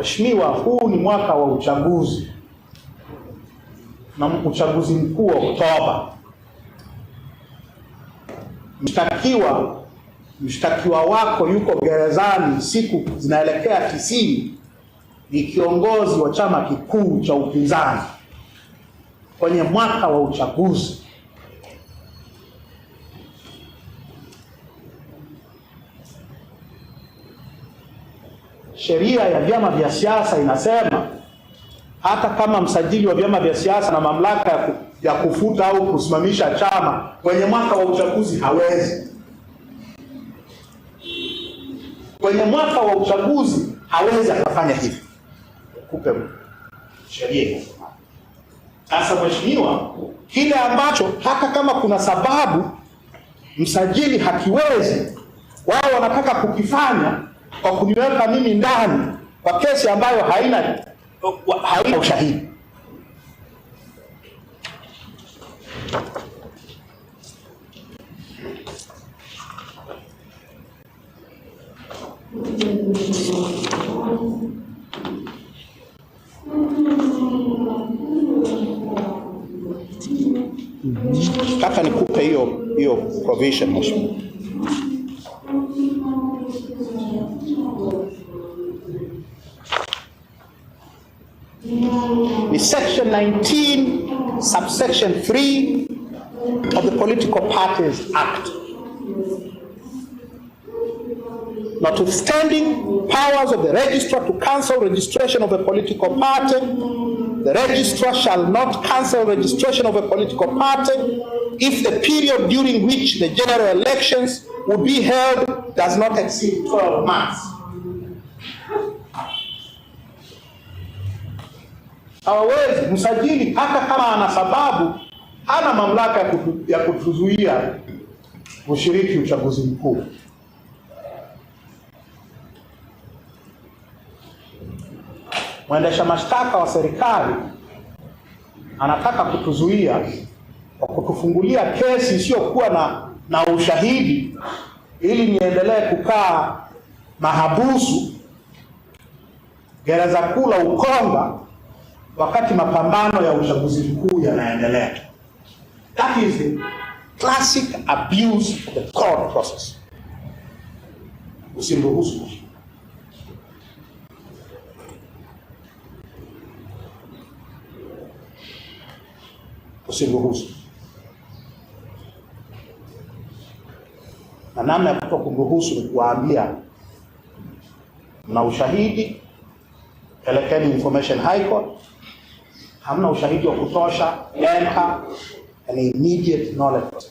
Mheshimiwa, huu ni mwaka wa uchaguzi na uchaguzi mkuu wa Oktoba. Mshtakiwa mshtakiwa wako yuko gerezani, siku zinaelekea tisini, ni kiongozi wa chama kikuu cha upinzani kwenye mwaka wa uchaguzi. sheria ya vyama vya siasa inasema hata kama msajili wa vyama vya siasa na mamlaka ya kufuta au kusimamisha chama kwenye mwaka wa uchaguzi hawezi, kwenye mwaka wa uchaguzi hawezi akafanya hivi. kupe sheria. Sasa mheshimiwa, kile ambacho hata kama kuna sababu msajili hakiwezi, wao wanataka kukifanya kwa kuniweka mimi ndani kwa kesi ambayo haina haina ushahidi. Nataka nikupe hiyo hiyo provision mheshimiwa. The section 19, subsection 3 of the Political Parties Act. Notwithstanding powers of the registrar to cancel registration of a political party, the registrar shall not cancel registration of a political party if the period during which the general elections would be held does not exceed 12 months. hawawezi msajili, hata kama ana sababu, hana mamlaka ya kutuzuia kushiriki uchaguzi mkuu. Mwendesha mashtaka wa serikali anataka kutuzuia kwa kutufungulia kesi isiyokuwa na, na ushahidi ili niendelee kukaa mahabusu gereza kuu la Ukonga wakati mapambano ya uchaguzi mkuu yanaendelea. That is the classic abuse of the court process. Usimruhusu. Usimruhusu. Na namna ya kuto kumruhusu ni kuwaambia mna ushahidi, pelekeni information high court hamna ushahidi wa kutosha, yani immediate knowledge